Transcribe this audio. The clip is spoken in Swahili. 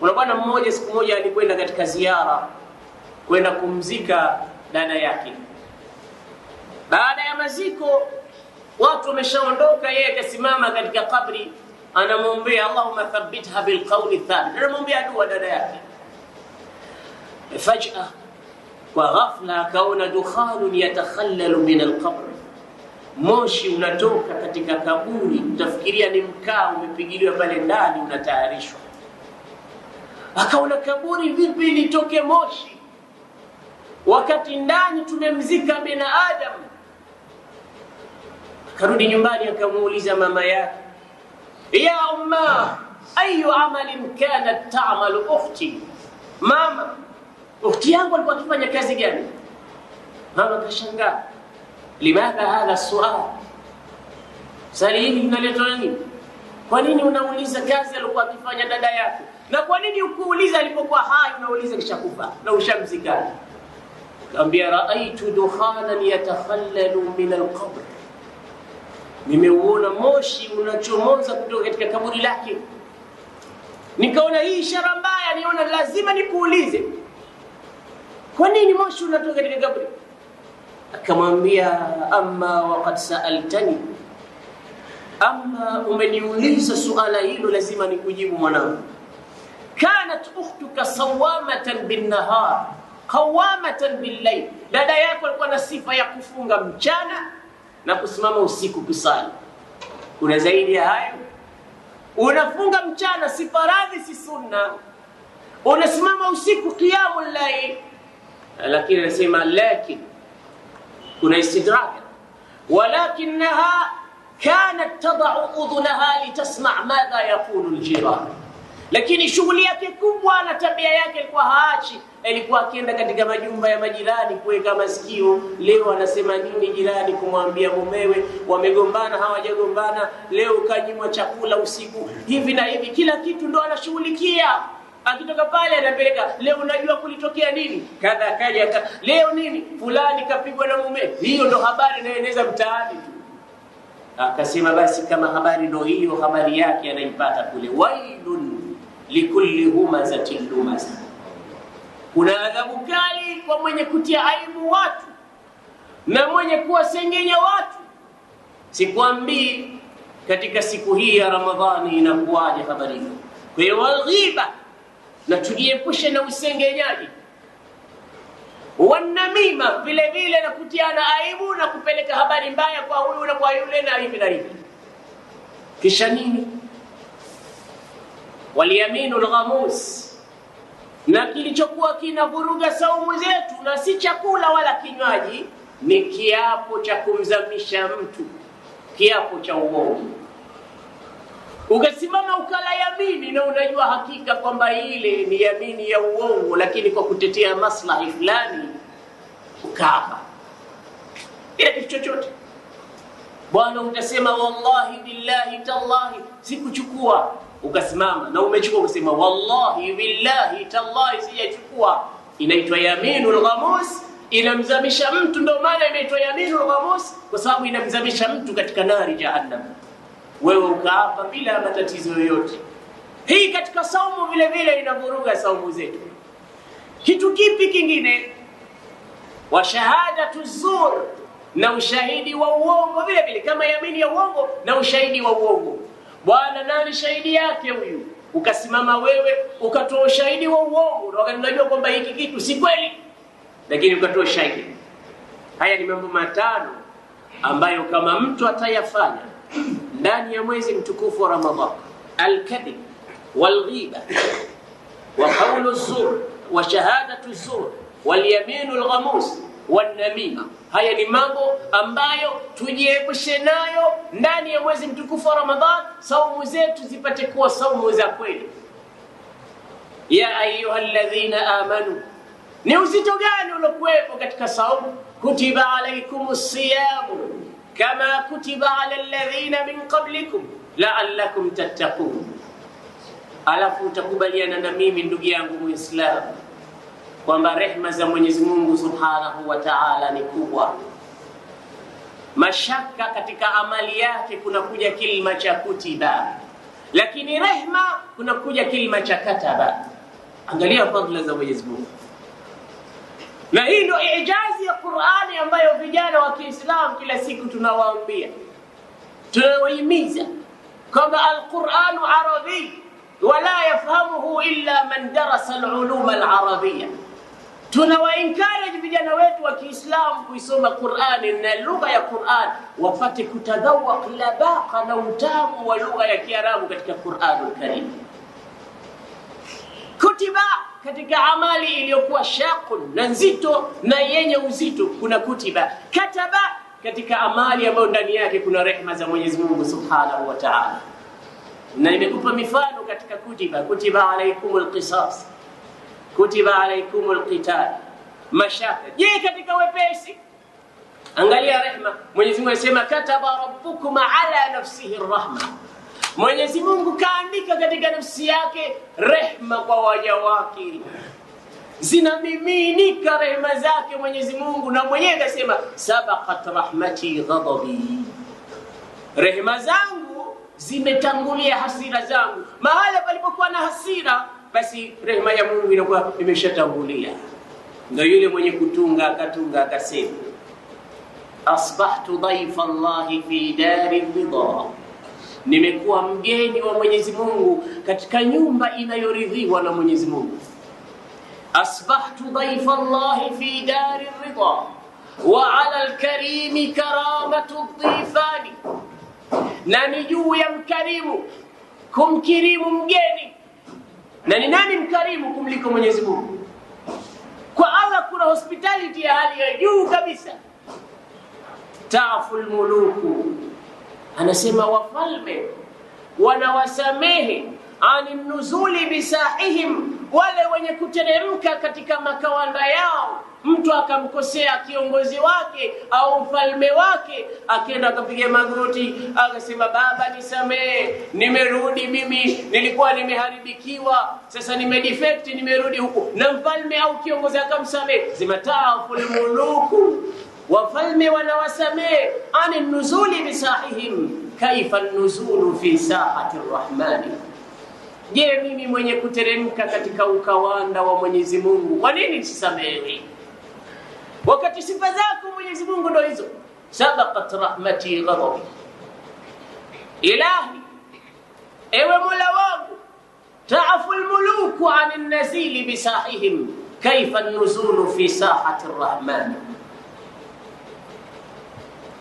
Kuna bwana mmoja siku moja alikwenda katika ziara kwenda kumzika dada yake. Baada ya maziko, watu wameshaondoka, yeye akasimama katika kabri, anamwombea Allahumma thabbitha bilqauli thabit, anamwombea dua dada yake. Fajaa kwa ghafla akaona dukhanun yatakhallalu min alqabr, moshi unatoka katika kaburi, utafikiria ni mkaa umepigiliwa pale ndani, unatayarishwa akaona kaburi vipi litoke moshi wakati ndani tumemzika binadamu. Akarudi nyumbani akamuuliza mama yake, ya umma, ayu amalin kanat tamalu ukhti, mama ukhti yangu alikuwa akifanya kazi gani? Mama akashangaa, limadha hadha sual, sali hili linaletwa nanini kwa nini unauliza kazi alikuwa akifanya dada yake Na kwa nini ukuuliza alipokuwa hai, unauliza kishakufa na ushamzika? Kaambia raaitu dukhanan yatakhallalu min alqabr, nimeuona moshi unachomoza kutoka katika kaburi lake. Nikaona hii ishara mbaya, niona lazima nikuulize, kwa nini moshi unatoka katika kaburi? Akamwambia, amma waqad saaltani Ama umeniuliza suala hilo, lazima nikujibu mwanangu. Kanat ukhtuka sawamatan binnahar qawamatan billayl, dada yako alikuwa na sifa ya kufunga mchana na kusimama usiku kusali. Kuna zaidi ya hayo? Unafunga mchana, si faradhi, si sunna, unasimama usiku qiyamul layl, lakini anasema, lakini kuna istidraka walakinaha kanat tadau udhunaha litasma madha yaqulu ljiran, lakini shughuli yake kubwa na tabia yake ilikuwa haachi, alikuwa akienda katika majumba ya majirani kuweka masikio, leo anasema nini jirani kumwambia mumewe, wamegombana hawajagombana, leo kanyimwa chakula usiku, hivi na hivi, kila kitu ndo anashughulikia akitoka pale anapeleka, leo unajua kulitokea nini, kadha kaja, leo nini, fulani kapigwa na mume. Hiyo ndo habari inayoeneza mtaani tu. Akasema basi kama habari ndo hiyo, habari yake anaipata kule, wailun likulli humazatin lumaza, kuna adhabu kali kwa mwenye kutia aibu watu na mwenye kuwasengenya watu. Sikwambii katika siku hii ya Ramadhani inakuwaje habari hiyo. Kwa hiyo walghiba, na tujiepushe na usengenyaji wanamima vile vile na kutiana aibu na kupeleka habari mbaya kwa huyu na kwa yule na hivi na hivi kisha nini waliyaminu lghamus na kilichokuwa kinavuruga saumu zetu na si chakula wala kinywaji ni kiapo cha kumzamisha mtu kiapo cha uongo ukasimama ukala yamini na unajua hakika kwamba ile ni yamini ya uongo, lakini kwa kutetea maslahi fulani ukaapa. Bila kitu chochote bwana, utasema wallahi billahi tallahi, sikuchukua. Ukasimama na umechukua, ukasema wallahi billahi tallahi, sijachukua. Inaitwa yaminul ghamus, inamzamisha mtu. Ndio maana inaitwa yaminul ghamus, kwa sababu inamzamisha mtu katika nari jahannam wewe ukaapa bila matatizo yoyote. Hii katika saumu vile vile inavuruga saumu zetu. Kitu kipi kingine? wa shahada tuzur na ushahidi wa uongo vile vile, kama yamini ya uongo na ushahidi wa uongo. Bwana nani shahidi yake huyu? Ukasimama wewe ukatoa ushahidi wa uongo, na wakati unajua kwamba hiki kitu si kweli, lakini ukatoa ushahidi. Haya ni mambo matano ambayo kama mtu atayafanya ndani ya mwezi mtukufu wa Ramadhan, alkadhib walghiba wa qawlu zur wa shahadatu zur walyaminu lghamus wanamima. Haya ni mambo ambayo tujiepushe nayo ndani ya mwezi mtukufu wa Ramadhan, saumu zetu zipate kuwa saumu za kweli. Ya ayuha alladhina amanu, ni uzito gani ulokuwepo katika saumu? Kutiba alaikumus siyamu kama kutiba ala alladhina min qablikum laallakum tattaqun. Alafu utakubaliana na mimi ndugu yangu Muislamu kwamba rehma za Mwenyezi Mungu Subhanahu wa Ta'ala ni kubwa. Mashaka katika amali yake kunakuja kilima cha kutiba, lakini rehma kunakuja kilima cha kataba. Angalia fadhila za Mwenyezi Mungu na hii ndio ijazi ya Qur'ani ambayo vijana wa Kiislamu kila siku tunawaambia, tunawahimiza kwamba al-Qur'anu arabi wala yafhamuhu illa man darasa al-ulum aluluma alarabia. Tunawaencourage vijana wetu wa Kiislamu kuisoma Qurani na lugha ya Qurani, wapate kutadhawak labaqa na utamu wa lugha ya Kiarabu katika Qur'anul Karim kutiba katika amali iliyokuwa shaqun na nzito na yenye uzito kuna kutiba kataba katika amali ambayo ndani yake kuna rehma za Mwenyezi Mungu Subhanahu wa Ta'ala na nimekupa mifano katika kutiba kutiba alaikumul qisas kutiba alaikum qital mashaka je katika wepesi angalia rehma Mwenyezi Mungu anasema kataba rabbukum ala nafsihi rahma Mwenyezi Mungu kaandika katika nafsi yake rehma kwa waja wake, zinamiminika rehma zake Mwenyezi Mungu, na mwenyewe kasema sabaqat rahmati ghadabi, rehma zangu zimetangulia hasira zangu. Mahala palipokuwa na hasira, basi rehma ya Mungu inakuwa imeshatangulia. Ndo yule mwenye kutunga akatunga akasema asbahtu daifa llahi fi dari ridha nimekuwa mgeni wa Mwenyezi Mungu katika nyumba inayoridhiwa na Mwenyezi Mungu. Asbahtu dhaifa Allahi fi dari ridha wa ala alkarimi karamatu dhifani, na ni juu ya mkarimu kumkirimu mgeni. Na ni nani mkarimu kumliko Mwenyezi Mungu? Kwa Allah kuna hospitality ya hali ya juu kabisa. Taafu lmuluku anasema wafalme wanawasamehe ani nuzuli bisaihim, wale wenye kuteremka katika makawanda yao. Mtu akamkosea kiongozi wake au mfalme wake, akenda akapiga magoti akasema, baba nisamehe, nimerudi mimi, nilikuwa nimeharibikiwa, sasa nimedefect, nimerudi huku. Na mfalme au kiongozi akamsamehe, zimataa lmuluku wafalme wanawasamehe ani nuzuli bisahihim, kaifa nuzulu fi saati rrahmani. Je, mimi mwenye kuteremka katika ukawanda wa Mwenyezi Mungu, kwa nini sisamehewi wakati sifa zako Mwenyezi Mungu ndo hizo? Sabaqat rahmati ghadabi. Ilahi, ewe mola wangu, taafu lmuluku ani nazili bisahihim, kaifa nuzulu fi saati rrahmani